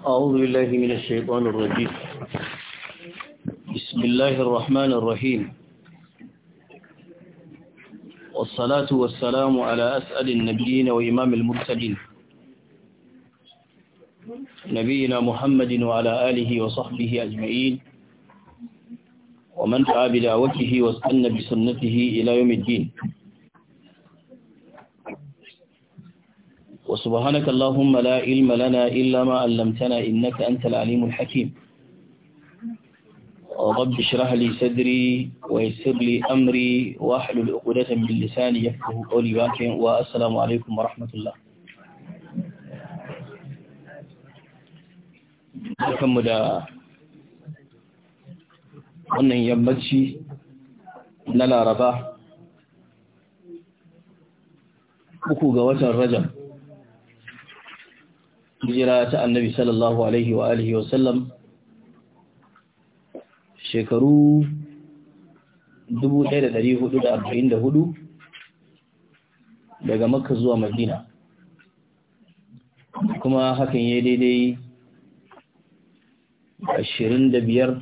أعوذ بالله من الشيطان الرجيم بسم الله الرحمن الرحيم والصلاة والسلام على أسأل النبيين وإمام المرسلين نبينا محمد وعلى آله وصحبه أجمعين ومن تعب بدعوته واستنى بسنته إلى يوم الدين وسبحانك اللهم لا علم لنا إلا ما علمتنا إنك أنت العليم الحكيم رب اشرح لي صدري ويسر لي أمري واحلل عقدة من لساني يفقه قولي والسلام عليكم ورحمة الله barkanmu da wannan yammaci na laraba uku ga watan rajab hijira ta annabi sallallahu alaihi wa alihi wa sallam shekaru 1444 daga makka zuwa madina kuma hakan ya daidai 25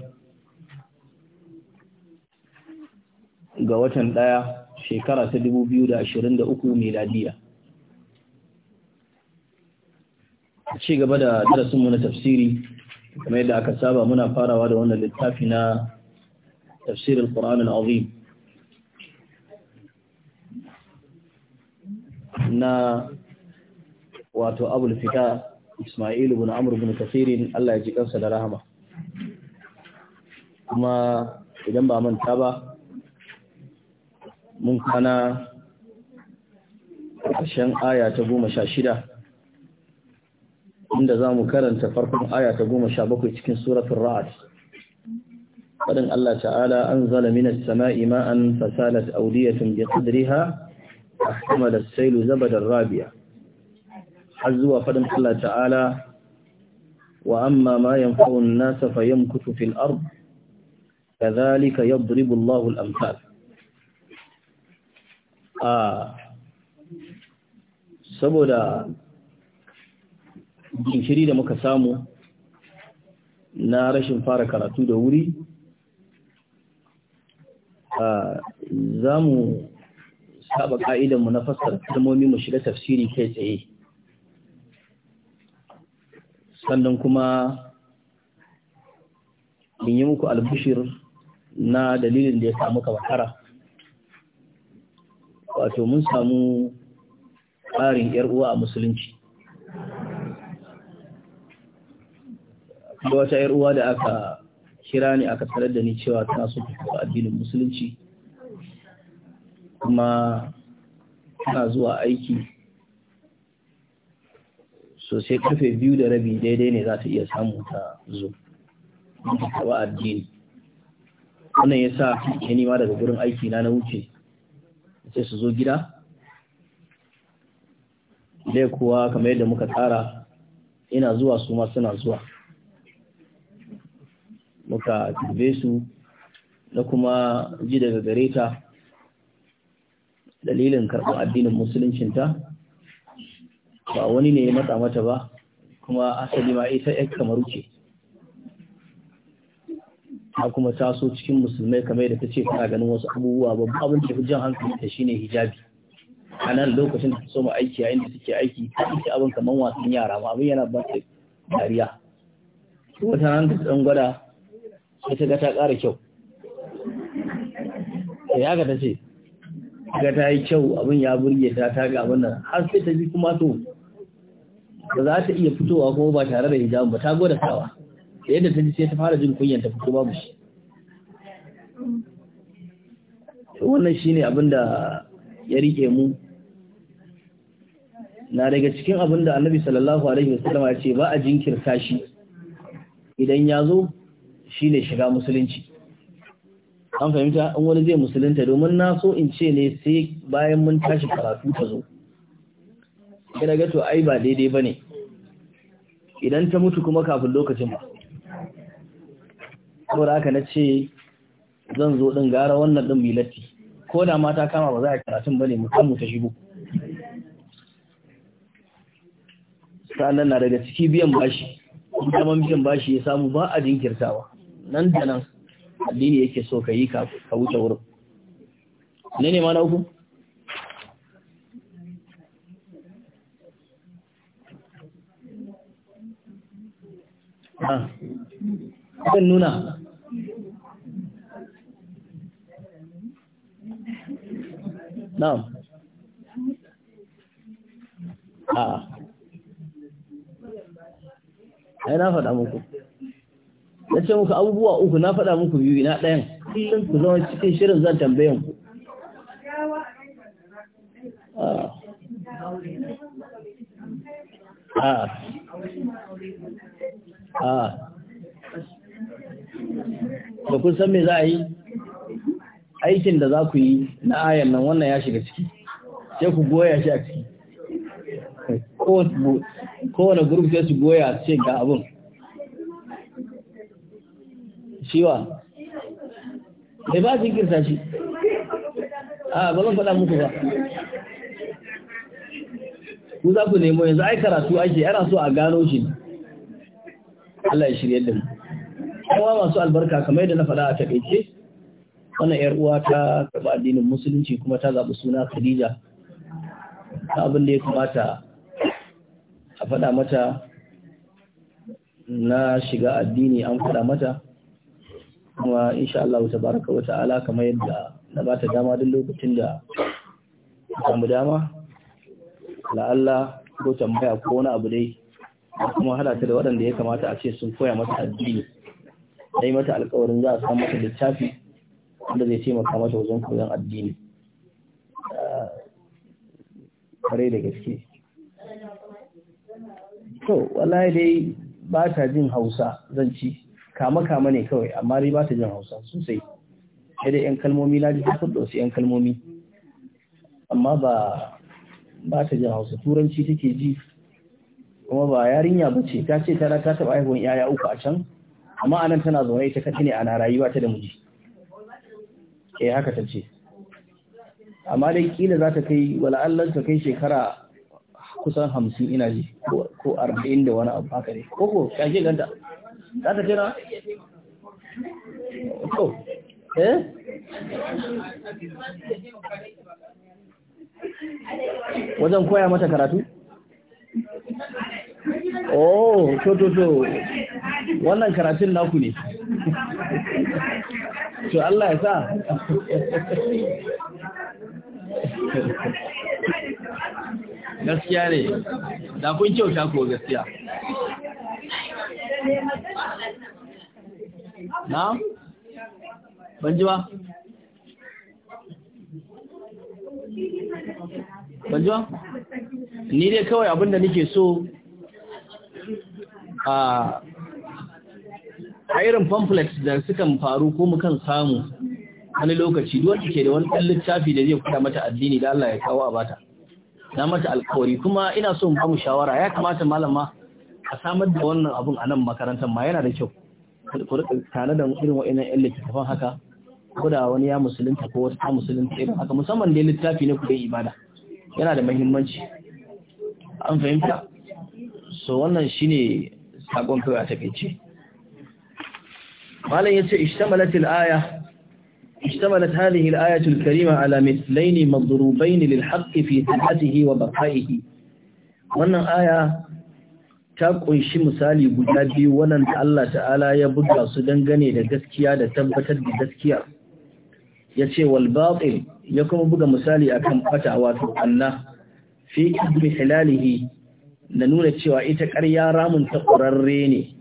ga watan daya shekara ta 2023 miladiya ci gaba da darasin mu na tafsiri kamar yadda aka saba muna farawa da wannan littafi na tafsirin al-Qur'an al na wato Abul Fita Isma'il ibn Amr ibn Kathir Allah ya ji kansa da rahama kuma idan ba manta ba mun kana ƙarshen aya ta goma sha shida inda za mu karanta farkon aya ta goma sha bakwai cikin suratun ra'ad faɗin Allah ta'ala an zala minas sama'i ma'an fasalat audiyatun bi qadriha ahtamala as-sailu zabadar rabiya har zuwa faɗin Allah ta'ala wa amma ma yanfa'u an-nasa fayamkutu fil ard kadhalika yadribu Allahu al-amthal saboda jinkiri da muka samu na rashin fara karatu da wuri za mu saba ka'idanmu na fasar kalmomi mu shiga tafsiri kai tsaye sannan kuma in yi muku albushir na dalilin da ya samu kamakara wato mun samu ƙarin uwa a musulunci da wata ‘yar uwa da aka kira ni aka sanar da ni cewa tana so ta addinin musulunci kuma tana zuwa aiki sosai karfe biyu da rabi daidai ne za ta iya samu ta zo ta addini wannan ya sa ya nima daga gurin aiki na na wuce sai su zo gida dai kuwa kamar yadda muka tsara ina zuwa su ma suna zuwa muka tube su na kuma ji daga gare ta dalilin karɓar addinin musuluncinta ba wani ne ya matsa mata ba kuma asali ma ita ‘yan kamar ce ta kuma taso cikin musulmai kamar da ta ce tana ganin wasu abubuwa babban abin da jan hankali ta shine hijabi a nan lokacin da so mu aiki yayin da suke aiki ta ce abin kamar wasan yara ma abin yana ba ta dariya wata nan da tsangwada gwada sai ta ga ta ƙara kyau da eh, ya ta ce ga ta yi kyau abin ya burge ta ta ga abin nan har sai ta bi kuma to ba za ta iya fitowa ko ba tare da hijabin ba ta gwada sawa da yadda ta ji sai ta fara jin kunyan ta fito babu shi wannan shine abin da ya rike mu na daga cikin abin da annabi sallallahu alaihi wasallam ya ce ba a jinkirta shi idan ya zo Shi ne shiga musulunci an fahimta an wani zai musulunta domin na so in ce ne sai bayan mun tashi karatu ta zo gina ga ai ba daidai ba ne idan ta mutu kuma kafin lokacin ba saboda haka na ce zan zo ɗin gara wannan ɗin milatti ko da mata kama ba za a karatun ba ne mu ta shigo sa'an na daga ciki biyan bashi kuma biyan bashi ya samu ba a jinkirtawa nan da nan addini yake so ka yi ka wuce wurin ne ne ma na uku ah. zan nuna Na. a ai na faɗa muku na ce muku abubuwa uku na faɗa muku biyu na ɗayan sun ku zama cikin shirin zan tambayan ku ah. Ah. Ah. da kun san me za a yi aikin da za ku yi na ayan nan wannan ya shiga ciki sai ku goya shi a ciki kowane gurbi sai su goya ce ga abin Cewa da ba jinkirta shi a ba zan faɗa muku ba ku za ku nemo yanzu ai karatu ake yana so a gano shi Allah ya shirye da mu kuma masu albarka kamar yadda na faɗa a takaice wannan yar uwa ta karɓi addinin musulunci kuma ta zaɓi suna Khadija ta abin da ya kamata a faɗa mata na shiga addini an faɗa mata kuma insha Allah baraka wa ta'ala kamar yadda na ba ta dama duk lokacin da samu dama la'alla ko tambaya ko wani abu dai kuma hada ta da waɗanda ya kamata a ce sun koya mata addini dai mata alkawarin za a samu mata littafi wanda zai taimaka mata wajen koyon addini kare da gaske to wallahi dai ba ta jin hausa zan ci kama kama ne kawai amma dai ba ta jin hausa sosai sai dai yan kalmomi na ji sun wasu yan kalmomi amma ba ba ta jin hausa turanci take ji kuma ba yarinya ba ce ta ce tana ta taɓa haihuwan yaya uku a can amma anan tana zaune ita kaci ne ana rayuwa ta da miji eh haka ta ce amma dai kila za ta kai wala'allar ta kai shekara kusan hamsin ina ji ko arba'in da wani abu haka ne ko ko ƙashe ganta za ka jira eh wajen koya mata karatu oh to to to wannan karatun naku ne to Allah ya sa gaskiya ne da kun kyauta ko gaskiya ban ji ba ban ji ba ni dai kawai da nake so a irin pamphlets da sukan faru ko mukan samu wani lokaci duwanda ke da wani ɗan littafi da zai kuda mata addini da Allah ya kawo a bata na mata alkawari kuma ina so mu shawara ya kamata malama a samar da wannan abun a nan makarantar ma yana da kyau tare da irin wa'annan yan littattafan haka ko da wani ya musulunta ko wata ta musulunta irin haka musamman dai littafi ne kuma ibada yana da mahimmanci an fahimta so wannan shine sakon kawai a takaice malam yace ishtamalat al-aya اشتملت هذه الآية الكريمة على مثلين مضروبين للحق في ثباته وبقائه wannan aya ta ƙunshi misali guda biyu wannan da Allah ta'ala ya buga su dangane da gaskiya da tabbatar da gaskiya ya ce wal ya kuma buga misali akan fata wato Allah fi ibn hilalihi da nuna cewa ita ƙarya ramun ta ƙurarre ne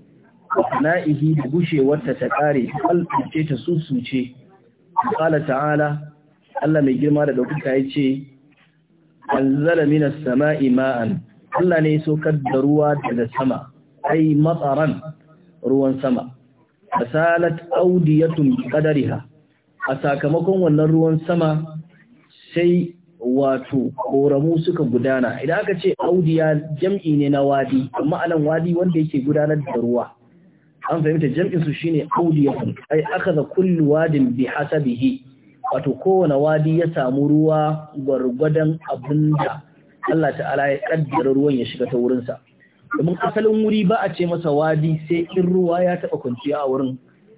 na'ihi da gushewarta ta ƙare alƙace ta susuce qala ta'ala Allah mai girma da ɗaukuka ya ce anzala minas sama'i ma'an Allah ne ya saukar da ruwa daga sama ai matsaran ruwan sama asalat audiyatun qadariha a sakamakon wannan ruwan sama sai wato koramu suka gudana idan aka ce audiya jam'i ne na wadi amma anan wadi wanda yake gudanar da ruwa an fahimta jam'in su shine audiyatun ai aka ga kullu wadin bi hasabihi wato kowane wadi ya samu ruwa gwargwadon abinda Allah ta'ala ya kaddara ruwan ya shiga ta wurinsa domin asalin wuri ba a ce masa wadi sai in ruwa ya taɓa kwanciya a wurin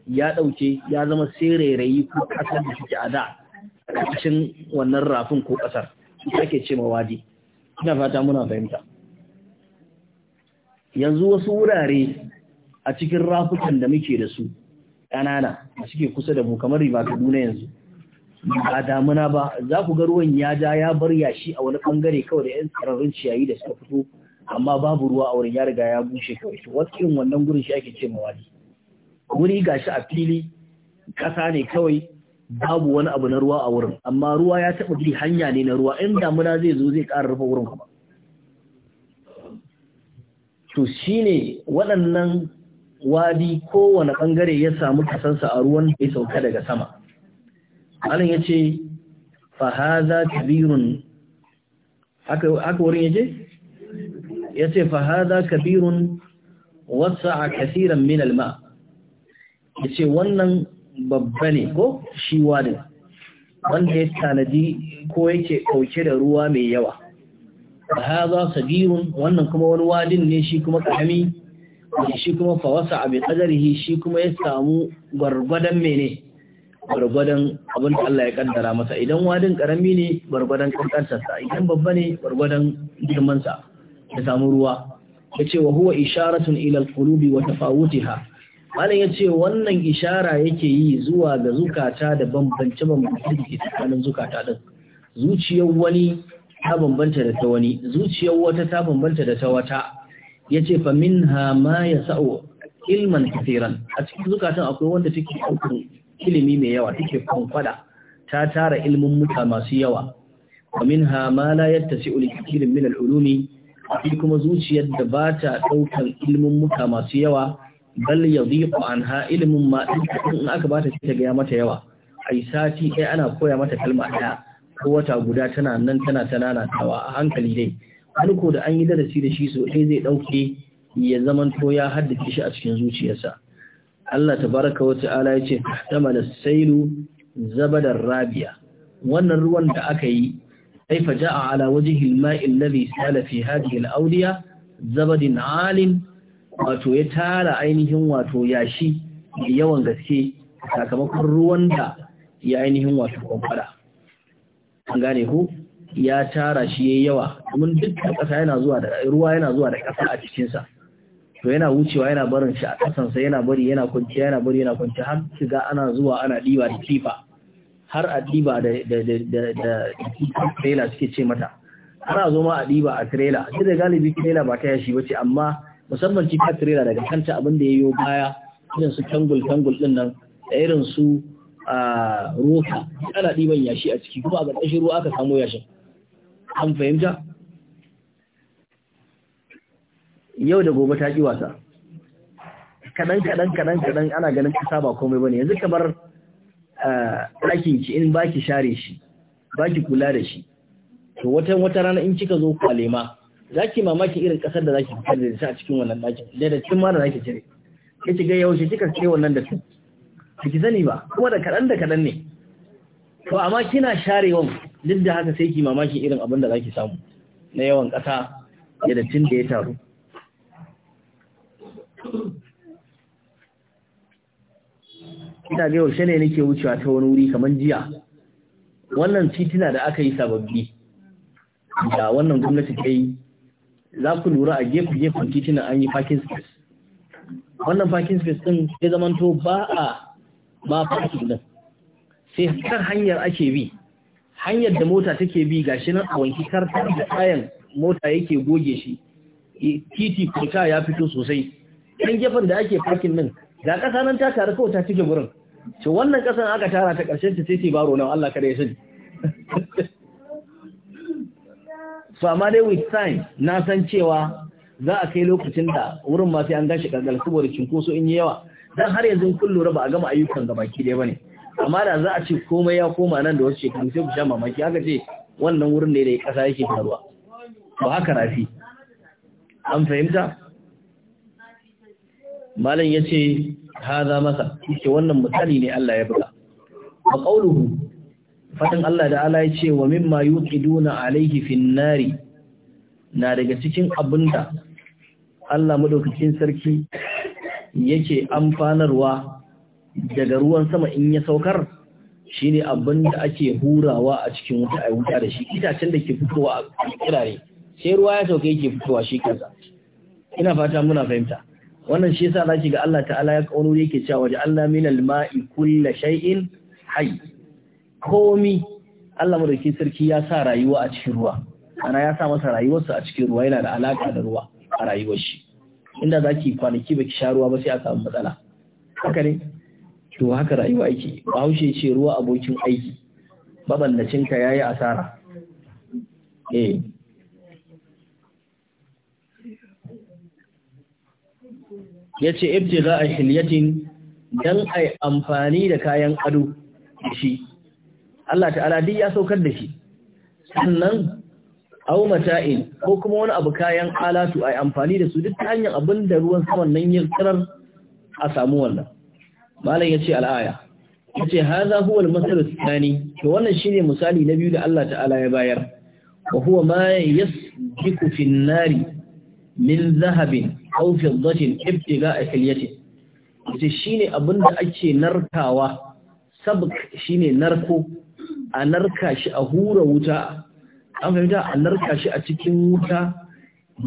ya ɗauke ya zama sai rairayi ko ƙasar da suke a da wannan rafin ko ƙasar ake ce ma wadi ina fata muna fahimta yanzu wasu wurare a cikin rafukan da muke da su ƙanana da suke kusa da mu kamar riba kaduna yanzu ba damuna ba za ku ga ruwan ya ja ya bar yashi a wani bangare kawai da 'yan tsararrun ciyayi da suka fito amma babu ruwa a wurin ya riga ya bushe kawai to wasu irin wannan gurin shi ake ce mawali. wuri gashi a fili kasa ne kawai babu wani abu na ruwa a wurin amma ruwa ya taɓa bi hanya ne na ruwa in damuna zai zo zai ƙara rufe wurin kuma to shine waɗannan wadi kowane bangare ya samu kasansa a ruwan da ya sauka daga sama Allah ya ce fahaza kabirun haka wurin ya ce ya ce fahaza kabirun wasa a kasiran min alma ya ce wannan babba ne ko shi wadin wanda ya tanadi ko yake ɗauke da ruwa mai yawa fahaza sabirun wannan kuma wani wadin ne shi kuma ƙarami shi kuma fawasa a bai ƙadarihi shi kuma ya samu gwargwadon mene gwargwadon abin da Allah ya kaddara masa idan wadin karami ne gwargwadon kankantarsa idan babba ne gwargwadon girmansa ya samu ruwa ya ce wa huwa isharatun ilal qulubi wa tafawutiha malam ya ce wannan ishara yake yi zuwa ga zukata da bambance bambance da ke tsakanin zukata din zuciyar wani ta bambanta da ta wani zuciyar wata ta bambanta da ta wata ya ce fa minha ma ya sa'o ilman kafiran a cikin zukatan akwai wanda take ɗaukar ilimi mai yawa take kwankwada ta tara ilimin muta masu yawa wa minha ma la yattasi ul min al ulumi akwai kuma zuciyar da ba ta ɗaukar ilmin muta masu yawa bal yadhiqu anha ilimin ma in aka ba ta ta gaya mata yawa yi sati ɗaya ana koya mata kalma ɗaya ko wata guda tana nan tana tanana tawa a hankali dai wani ko da an yi darasi da shi so ɗaya zai ɗauke ya zamanto ya haddace shi a cikin zuciyarsa Allah tabaraka wa ta'ala ya ce tamala sailu zabadar rabiya wannan ruwan da aka yi sai fa ja'a ala wajhi al-ma'i alladhi sala fi hadhihi al-awdiya zabadin 'alin wato ya tara ainihin wato yashi da yawan gaske sakamakon ruwan da ya ainihin wato kwamfara gane ku ya tara shi yayi yawa domin duk ƙasa yana zuwa da ruwa yana zuwa da ƙasa a cikin sa to yana wucewa yana barin shi a kasansa yana bari yana kwanciya yana bari yana kwanciya har shiga ana zuwa ana ɗiba da kifa har a ɗiba da trailer suke ce mata ana zo ma a ɗiba a trailer sai da galibi trailer ba ta yashi ba ce amma musamman cika trailer daga kanta abin da ya yi baya irin su tangul tangul ɗin nan da irin su roka ana ɗiban yashi a ciki kuma a ƙarƙashin ruwa aka samo yashin an fahimta yau da gobe ta ki wasa kadan kadan kadan kadan ana ganin ka ba komai bane yanzu kamar eh, ɗakin ki in baki share shi baki kula da shi to wata wata rana in kika zo kwalema zaki mamaki irin kasar da zaki fitar da shi a cikin wannan ɗakin da da cikin ma da zaki cire sai ki ga shi kika ce wannan da su ki sani ba kuma da kadan da kadan ne to amma kina sharewan duk da haka sai ki mamaki irin abin da zaki samu na yawan kasa da dattin da ya taru ina ga yaushe ne nake wucewa ta wani wuri kamar jiya wannan titina da aka yi sababbi da wannan gwamnati ta yi za ku lura a gefe-gefen titina an yi parking space wannan parking space din ya zamanto ba a ba parking din sai kar hanyar ake bi hanyar da mota take bi gashi nan a wanki ta da kayan mota yake goge shi eh, titi kuka ya fito sosai ɗan gefen da ake parking din ga ƙasa nan ta taru kawai ta cike gurin ce wannan kasan aka tara ta ƙarshen ta titi baro nan Allah kada ya sani so amma dai with time na san cewa za a kai lokacin da wurin ma sai an gashi kangal saboda cinkoso in yi yawa dan har yanzu kun lura ba a gama ayyukan gabaki ɗaya bane amma da za a ce komai ya koma nan da wasu shekaru sai ku sha mamaki haka ce wannan wurin ne da ƙasa yake faruwa ba haka rafi an fahimta malam yace haza masa yace wannan misali ne Allah ya buga a ƙauluhu fatan Allah da Allah yace wa mimma yuqiduna alayhi finnari na daga cikin abinda Allah madaukakin sarki yake amfanarwa daga ruwan sama in ya saukar shine abinda ake hurawa a cikin wuta ai wuta da shi itacen da ke fitowa a kirare sai ruwa ya sauke yake fitowa shi kansa ina fata muna fahimta wannan shi yasa zaki ga Allah ta'ala ya kawo yake cewa waje Allah al ma'i kullu shay'in hayy komi Allah madaukakin sarki ya sa rayuwa a cikin ruwa ana ya sa masa rayuwarsa a cikin ruwa yana da alaka da ruwa a rayuwar shi inda zaki kwanaki baki sha ruwa ba sai a samu matsala haka ne to haka rayuwa yake bahaushe ce ruwa abokin aiki baballacin ka yayi asara eh ya ce za a hilyatin don a amfani da kayan ado da shi Allah ta'ala duk ya saukar da shi sannan au mata'in ko kuma wani abu kayan alatu a amfani da su duk ta hanyar abin da ruwan saman nan ya tsirar a samu wannan malam ya ce al'aya ya ce haza huwa masar tsani to wannan shine misali na biyu da Allah ta'ala ya bayar wa huwa ma yasbiku fin nari min zahabin aw fiddatin ibtiga hilyatin yace shine abin da ake narkawa sabq shine narko a narka shi a hura wuta an fahimta a narka shi a cikin wuta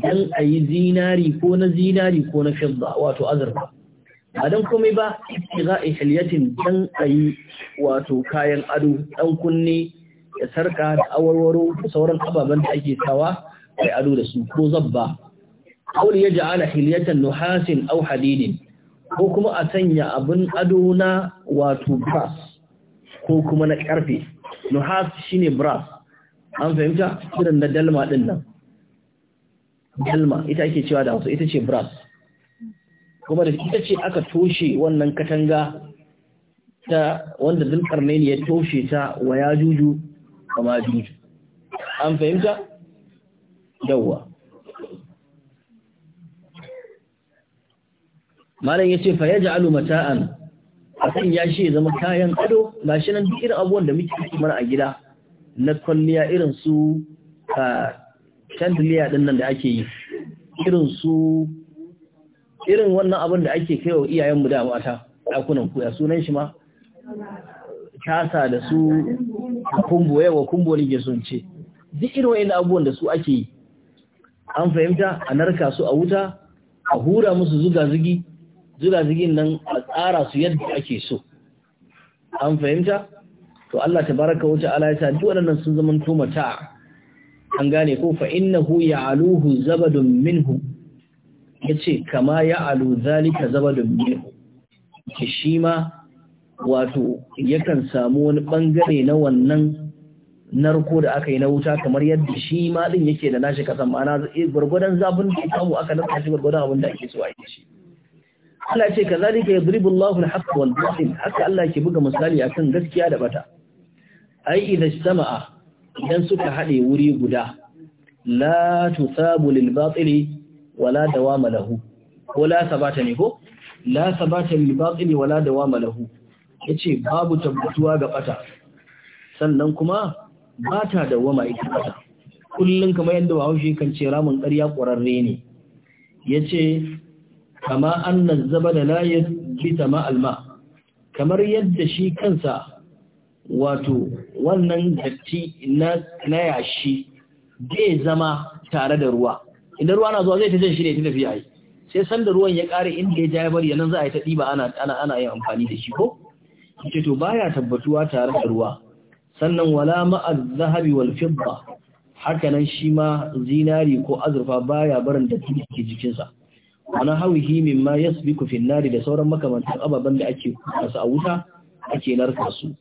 dan ayi zinari ko na zinari ko na fidda wato azurfa ba dan komai ba ibtiga hilyatin dan ayi wato kayan ado dan kunne da sarka da awarwaro da sauran ababen da ake sawa ai ado da su ko zabba aure ya ja'ala hiliyatan nuhasin au hadidin ko kuma a sanya abin ado na wato brass ko kuma na karfe nuhas shine brass an fahimta irin da dalma din nan dalma ita ake cewa da wasu ita ce brass kuma da ita ce aka toshe wannan katanga ta wanda zulkarne ne ya toshe ta wa ya juju kama juju an fahimta yawwa malam yace fa yaj'alu mata'an akan ya shi zama kayan ado shi nan duk irin abubuwan da muke ciki mana a gida na kwalliya irin su chandelier din nan da ake yi irin su irin wannan abin da ake kai wa iyayenmu da mata dakunan kuya sunan shi ma kasa da su kumbo yawa kumbo ne ke sun ce duk irin wani abubuwan da su ake yi an fahimta a narka su a wuta a hura musu zuga zugi zigin nan a tsara su yadda ake so an fahimta to Allah Ta baraka wa ala ya sa duk waɗannan sun zama tumata an gane ko fa innahu ya'aluhu zabadun minhu yace kama ya'alu zalika zabadun minhu ke shi ma wato yakan samu wani bangare na wannan narko da aka yi na wuta kamar yadda shi ma din yake da nashi kasan ma'ana eh, gwargwadon zafin da ya samu aka nasa shi gwargwadon abin da ake so a yi shi Allah ce ka yadribu Allahu al-haqqa wal batil haka Allah ke buga misali akan gaskiya da bata ai idan sama'a idan suka hade wuri guda la tusabu lil dawa wala dawama lahu wala sabata ne ko la sabata lil batili wala dawama lahu yace babu tabbatuwa ga bata sannan kuma ba ta dawama ita bata kullun kamar yanda Bahaushe kan ce ramin ƙarya ƙwararre ne yace kama annan zabala la yasbita ma alma kamar yadda shi kansa wato wannan datti na na yashi zai zama tare da ruwa idan ruwa na zuwa zai tace shi ne ta tafiya yi sai san da ruwan ya kare inda ya ja bari nan za a yi ta diba ana ana ana yin amfani da shi ko ce to baya tabbatuwa tare da ruwa sannan wala az zahabi wal fidda haka nan shi ma zinari ko azurfa baya barin datti ke jikinsa ana hawihi mimma yasbiku fi nari da sauran makamantan ababen da ake kasa a wuta ake narka su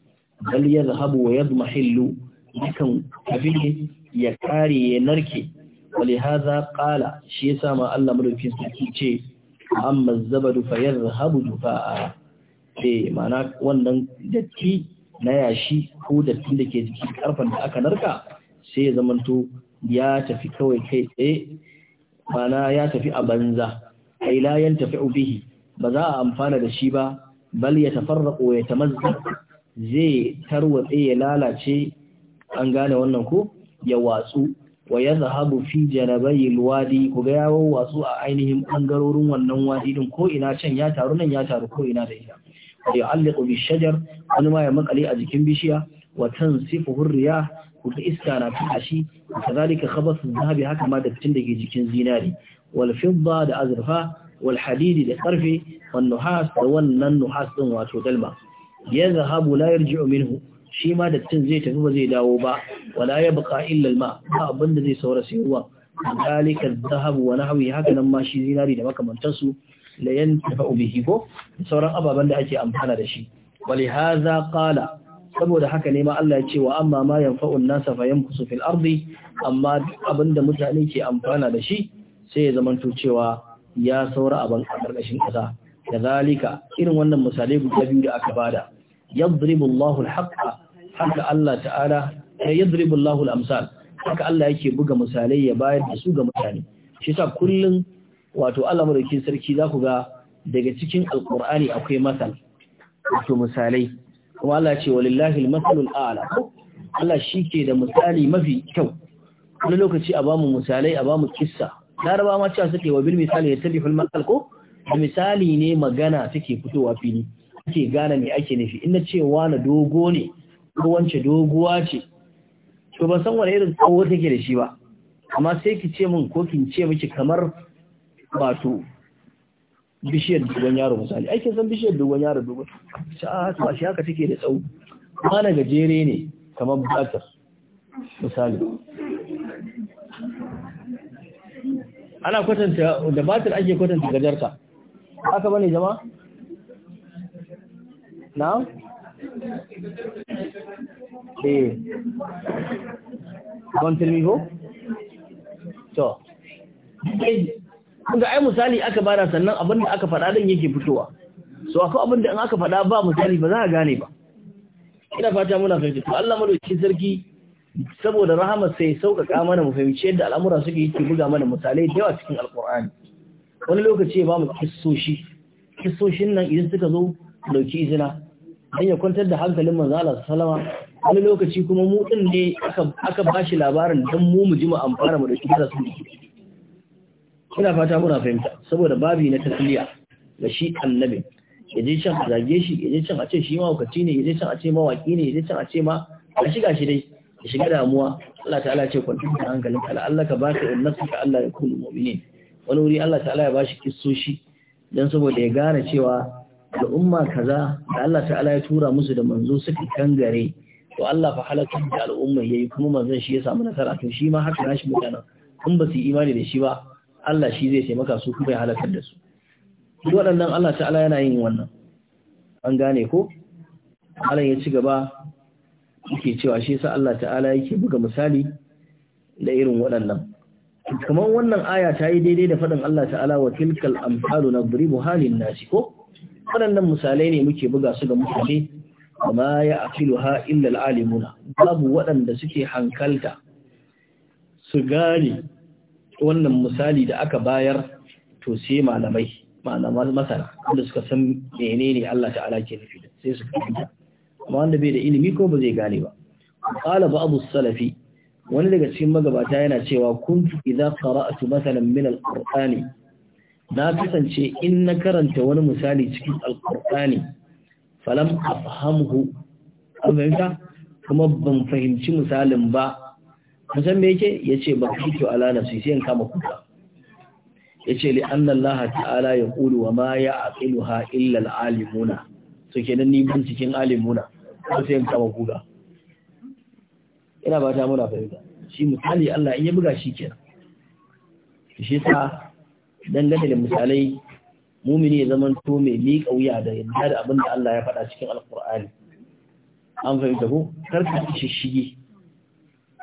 bal yadhhabu wa yadmahillu dukan abin ya kare ya narke ولهذا shi yasa ma Allah مدوكين سكي ce amma zabadu fa yadhhabu dufa'a eh mana wannan datti na yashi ko dattin da ke jikin karfan da aka narka sai ya zamanto ya tafi kawai kai tsaye Mana ya tafi a banza ay la yantafi'u bihi ba za a amfana da shi ba bal ya tafarraqu wa yatamazza zai tarwatse ya lalace an gane wannan ko ya watsu wa yadhhabu fi janabayil wadi ku ga yawo watsu a ainihin bangarorin wannan wadi din ko ina can ya taru nan ya taru ko ina da ina wa yu'alliqu bi shajar wani ma ya makale a jikin bishiya wa tansifuhu hurriya ku iska na fita shi kazalika khabathu zahabi haka ma da fitin da ke jikin zinari wal fidda da azurfa wal hadidi da karfe wal nuhas da wannan nuhas din wato dalma yazhabu la yarji'u minhu shi ma dattin zai tafi ba zai dawo ba wala yabqa illa al ma ba abinda zai saura sai ruwa dalika adh wa nahwi haka nan ma shi zinari da makamantan su la yantafa bihi ko sauran ababen da ake amfana da shi wali hadha qala saboda haka ne ma Allah ya ce wa amma ma yanfa'un nasa fa yamkusu fil ardi amma abinda mutane ke amfana da shi sai ya zamanto cewa ya saura abin karkashin kasa zalika irin wannan misalai guda biyu da aka bada yadribu Allahu al-haqqa haka Allah ta'ala ya eh, yadribu Allahu al-amsal haka Allah yake buga misalai ya bayar da su ga mutane shi kullum kullun wato Allah madaukakin sarki za ku ga daga cikin alqur'ani akwai masal wato misalai kuma Allah ce walillahi al-masalul a'la Allah ke da misali mafi kyau wani lokaci a bamu misalai a bamu kissa laraba ma cewa suke wa bil misali ya tabihu al-masal ko misali ne magana take fitowa fili ake gane me ake nufi inda cewa na dogo ne ko wance doguwa ce to ban san wani irin tsawo take da shi ba amma sai ki ce min ko kin ce miki kamar wato bishiyar dogon yaro misali aikin san bishiyar dogon yaro dogon a to shi haka take da tsawo mana gajere ne kamar bukatar misali ana kwatanta da batir ake kwatanta gajarta haka bane jama'a na eh kwantar miho to ga ai misali aka bada sannan abin da aka faɗa din yake fitowa so akwai abin da in aka faɗa ba misali ba za a gane ba ina fata muna fahimci to Allah madauki sarki saboda rahamar sai sauƙaƙa mana mu fahimci yadda al'amura suke yake buga mana misalai da yawa cikin alƙur'ani wani lokaci ya ba mu kissoshi kissoshin nan idan suka zo dauki izina dan ya kwantar da hankalin manzo Allah sallama wani lokaci kuma mu din ne aka aka bashi labarin dan mu mu ji mu amfana mu dauki izina su Kuna fata muna fahimta saboda babi na tasliya ga shi annabi ya je can a zage shi ya je can a ce shi mawakaci ne ya je can a ce mawaki ne ya je can a ce ma a shiga shi dai ya shiga damuwa Allah ta'ala ce kwanci da hankalin ka Allah ka baka yi nasu ka Allah ya kullu mu'minin wani wuri Allah ta'ala ya ba bashi kissoshi don saboda ya gane cewa al'umma kaza da Allah ta'ala ya tura musu da manzo suka kangare to Allah fa halakar da al'umma yi kuma manzon shi ya samu nasara to shi ma haka nashi mutanen in ba su imani da shi ba Allah shi zai taimaka su kuma ya halakar da su duk waɗannan Allah ta'ala yana yin wannan an gane ko Allah ya ci gaba yake cewa shi yasa Allah ta'ala yake buga misali da irin waɗannan kamar wannan aya ta yi daidai da faɗin Allah ta'ala wa tilkal amsalu nadribu halin nasi ko waɗannan misalai ne muke buga su ga mutane amma ya ha illa alimuna babu waɗanda suke hankalta su gane wannan misali da aka bayar to sai malamai malaman masana wanda suka san menene Allah ta'ala ke nufi sai su fahimta amma wanda bai da ilimi ko ba zai gane ba qala ba'd salafi wani daga cikin magabata yana cewa kuntu idza qara'tu masalan min al-qur'ani na kasance in na karanta wani misali cikin al-qur'ani falam afhamhu amma kuma ban fahimci misalin ba kusan me yake ya ce ba kuke ala nafsi sai in kama kuka ya ce li annan ta'ala ya ƙulu wa ma ya aqiluha illa al alimuna to kenan ni ban cikin alimuna ko sai in kama kuka ina ba ta muna fahimta shi misali Allah in ya buga shi kenan shi sa dangane da misalai mumini ya zama to mai miƙa wuya da yadda da abin da Allah ya faɗa cikin alƙur'ani an fahimta ko karka shige.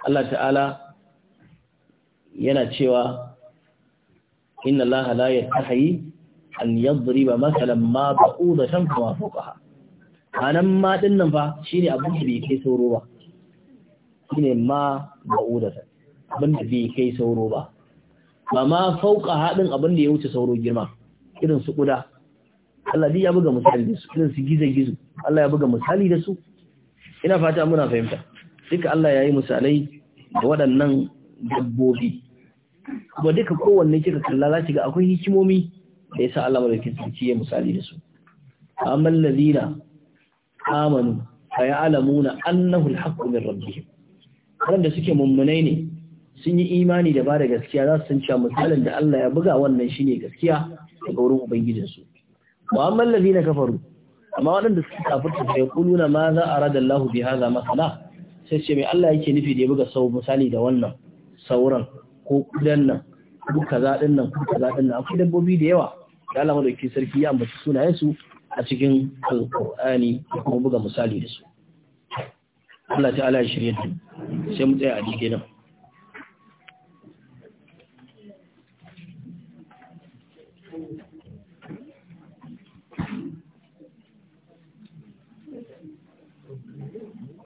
Allah ta'ala yana cewa inna Allah la yattahi an yadriba masalan ma ba'udatan kama fuqaha anan ma din nan fa shine abin da bai kai sauro ba shine ma ba'udatan abin da bai kai sauro ba ba ma fauka haɗin abin da ya wuce sauro girma irin su kuda Allah ya buga misali da su irin su gizo-gizo Allah ya buga misali da su ina fata muna fahimta duka Allah ya yi misalai da waɗannan dabbobi kuma duka kowanne kika kalla za ki ga akwai hikimomi da yasa Allah madaukakin sarki ya misali da su amma allazina amanu fa ya'lamuna annahu al-haqqu min rabbihim wanda suke mummunai ne sun yi imani da ba da gaskiya za su san cewa misalin da Allah ya buga wannan shine gaskiya daga wurin su wa amma allazina kafaru amma waɗanda suka kafirta sai kuluna ma za arada Allah bi hadha masala sai ce mai Allah yake nufi da ya buga sau misali da wannan sauran ko kudan nan ko kaza din nan ko kaza din nan akwai dabbobi da yawa da Allah madauki sarki ya ambaci sunayen su a cikin alqur'ani da kuma buga misali da su Allah ta'ala ya shirye sai mu tsaya a dike nan